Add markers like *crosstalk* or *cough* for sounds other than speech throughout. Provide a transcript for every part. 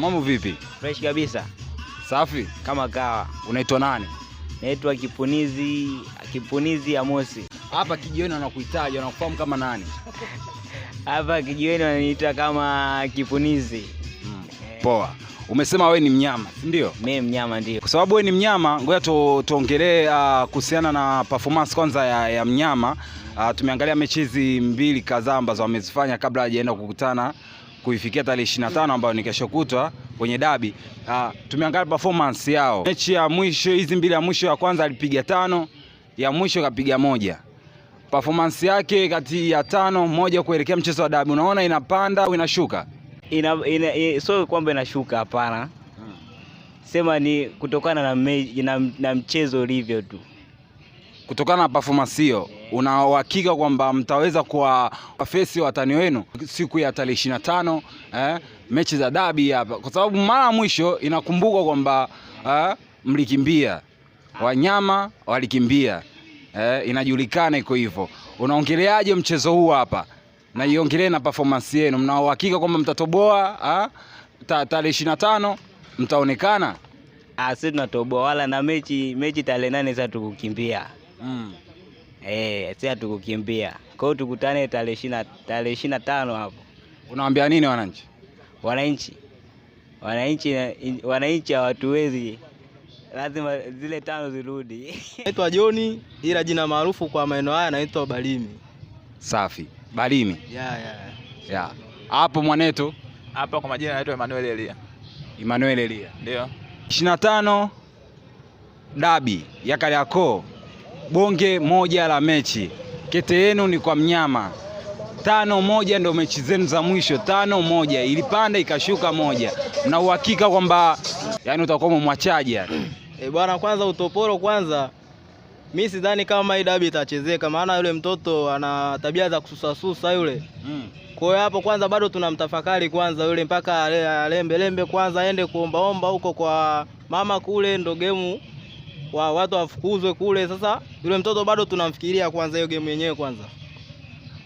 Mambo vipi? Fresh kabisa. Safi kama kawa. Unaitwa nani? Naitwa Kipunizi, Kipunizi Amosi. Hapa kijioni wanakuhitaji, wanakufahamu kama nani? *laughs* Hapa kijioni wananiita kama Kipunizi. Mm. Poa. Umesema wewe ni mnyama, si ndio? Mimi mnyama ndio. Kwa sababu wewe ni mnyama, ngoja tuongelee uh, kuhusiana na performance kwanza ya, ya mnyama. Uh, tumeangalia mechi hizi mbili kadhaa ambazo wamezifanya kabla hajaenda kukutana kuifikia tarehe 25 ambayo ni kesho kutwa kwenye dabi. Uh, tumeangalia performance yao mechi ya mwisho, hizi mbili ya mwisho, ya kwanza alipiga tano, ya mwisho kapiga moja. Performance yake kati ya tano moja kuelekea mchezo wa dabi, unaona inapanda au inashuka? Ina, ina, sio kwamba inashuka, hapana. Sema ni kutokana na, me, na, na mchezo ulivyo tu, kutokana na performance hiyo una uhakika kwamba mtaweza kuwafesi watani wenu siku ya tarehe ishirini na tano eh, mechi za dabi hapa, kwa sababu mara ya mwisho inakumbuka kwamba eh, mlikimbia wanyama walikimbia. Eh, inajulikana iko hivyo. Unaongeleaje mchezo huu hapa, na iongelee na performance yenu? Mna uhakika kwamba mtatoboa eh, tarehe ishirini na tano mtaonekana? Ah, sisi tunatoboa wala na mechi mechi tarehe nane za tukukimbia mm eh, sasa tukukimbia. Kwa hiyo tukutane tarehe ishirini tarehe na tano hapo. Unawaambia nini wananchi? Wananchi wananchi wananchi hawatuwezi, lazima zile tano zirudi. *laughs* Naitwa Joni, ila jina maarufu kwa maeneo haya naitwa Balimi. Safi, Balimi ya ya ya hapo mwanetu hapa, kwa majina naitwa Emmanuel Elia. Emmanuel Elia ndio 25 dabi ya Kariakoo bonge moja la mechi, kete yenu ni kwa mnyama tano moja ndio mechi zenu za mwisho, tano moja ilipanda ikashuka moja. Mna uhakika kwamba yani utakuwa mwamwachaji yani? E bwana, kwanza utoporo kwanza, mi sidhani kama hii dabi itachezeka, maana yule mtoto ana tabia za kususasusa yule mm. Kwa hiyo hapo kwanza bado tunamtafakari kwanza yule mpaka alembelembe kwanza aende kuombaomba huko kwa mama kule, ndo gemu wa watu wafukuzwe kule. Sasa yule mtoto bado tunamfikiria kwanza, hiyo game yenyewe kwanza.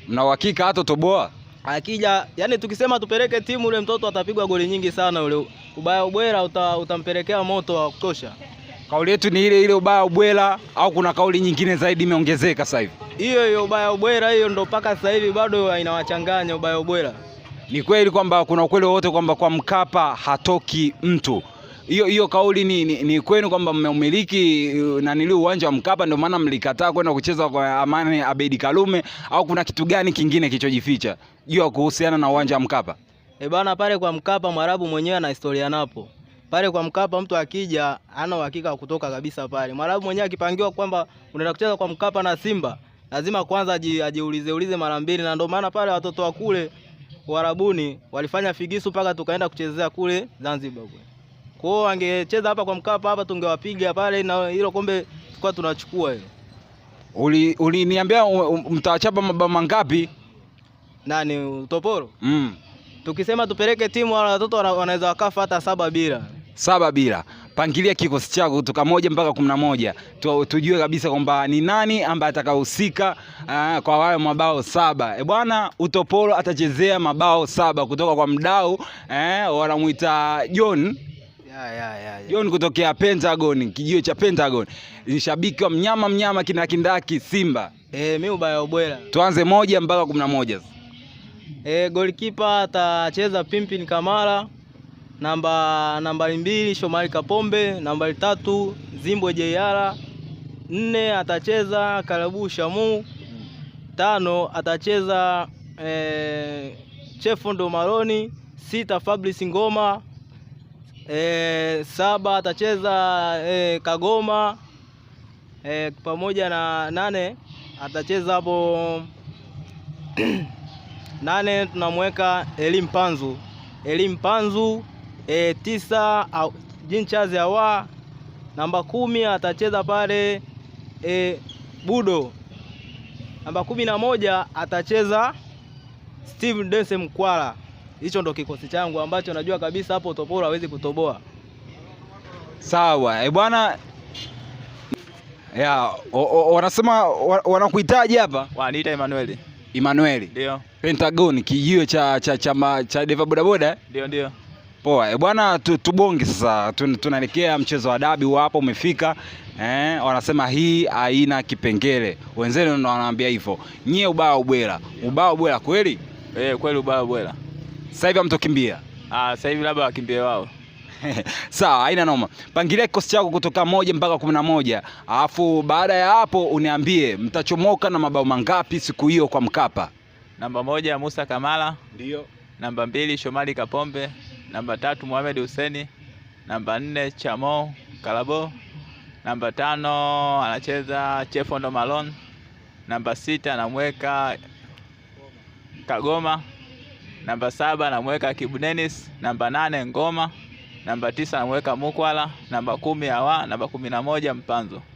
Mna uhakika hata toboa akija? Yani tukisema tupeleke timu, yule mtoto atapigwa goli nyingi sana. Yule ubaya ubwela uta, utampelekea moto wa kutosha. Kauli yetu ni ile ile, ubaya ubwela, au kuna kauli nyingine zaidi imeongezeka sasa hivi? Hiyo hiyo ubaya ubwela hiyo ndo mpaka sasa hivi bado inawachanganya ubaya ubwela. Ni kweli kwamba kuna ukweli wowote kwamba kwa Mkapa hatoki mtu hiyo hiyo kauli ni, ni, ni kwenu kwamba mmeumiliki uh, nanili uwanja wa Mkapa ndio maana mlikataa kwenda kucheza kwa Amani Abedi Kalume, au kuna kitu gani kingine kilichojificha juu ya kuhusiana na uwanja wa Mkapa? E eh, bana, pale kwa Mkapa Mwarabu mwenyewe ana historia napo pale kwa Mkapa mtu akija ana uhakika wa kutoka kabisa pale. Mwarabu mwenyewe akipangiwa kwamba unaenda kucheza kwa Mkapa na Simba, lazima kwanza ajiulize ulize mara mbili, na ndio maana pale watoto wa kule Warabuni walifanya figisu mpaka tukaenda kuchezea kule Zanzibar kule. Kwa hiyo angecheza hapa kwa Mkapa hapa tungewapiga pale na hilo kombe tulikuwa tunachukua hilo. Uli uliniambia mtawachapa mabao mangapi? Nani utoporo? Mm. Tukisema tupeleke timu wala watoto wanaweza wakafa hata saba bila. Saba bila. Pangilia kikosi chako kutoka moja mpaka kumi na moja tu, tujue kabisa kwamba ni nani ambaye atakahusika uh, kwa wale mabao saba. E bwana, utoporo atachezea mabao saba kutoka kwa mdau eh, wanamuita John yeah, yeah, John kutokea Pentagon, kijiwe cha Pentagon. Ni shabiki wa mnyama mnyama kindakindaki Simba. Eh, mimi ubaya ubwela. Tuanze moja mpaka kumi na moja Eh, golikipa atacheza Pimpin Kamara, namba nambari mbili Shomari Kapombe, nambari tatu zimbo Jeyara, nne atacheza Karabu Shamu, tano atacheza eh, Chefondo Maroni, sita Fabrice Ngoma e, saba atacheza e, Kagoma e, pamoja na nane atacheza hapo *clears throat* nane tunamweka Elim Panzu, Elim Panzu e, tisa Jinchazi Awa, namba kumi atacheza pale e, Budo, namba kumi na moja atacheza Steve Dense Mkwala hicho ndo kikosi changu ambacho najua kabisa hapo Topolo hawezi kutoboa. Sawa, e bwana ya wanasema wanakuhitaji hapa, wanaita Emmanuel. Emmanuel. Ndio. Pentagon kijio cha cha cha, cha deva bodaboda. Ndio ndio. Poa. E bwana, tubonge sasa, tunaelekea mchezo wa dabi hapo umefika. Eh, wanasema hii haina kipengele. Wenzenu wanaambia hivyo. Nyie ubao bwela. Ubao bwela kweli? Eh, kweli ubao bwela. Sasa hivi amtokimbia. Ah, sasa hivi labda wakimbie wao. *laughs* Sawa, haina noma. Pangilia kikosi chako kutoka moja mpaka kumi na moja alafu baada ya hapo uniambie mtachomoka na mabao mangapi siku hiyo kwa Mkapa. Namba moja Musa Kamala. Ndio. Namba mbili Shomari Kapombe. Namba tatu Mohamed Huseni. Namba nne Chamo Kalabo. Namba tano anacheza Chefondo Malon. Namba sita anamweka Kagoma namba saba namweka Kibu namba nane Ngoma, namba tisa namweka Mukwala, namba kumi Awa, namba kumi na moja Mpanzo.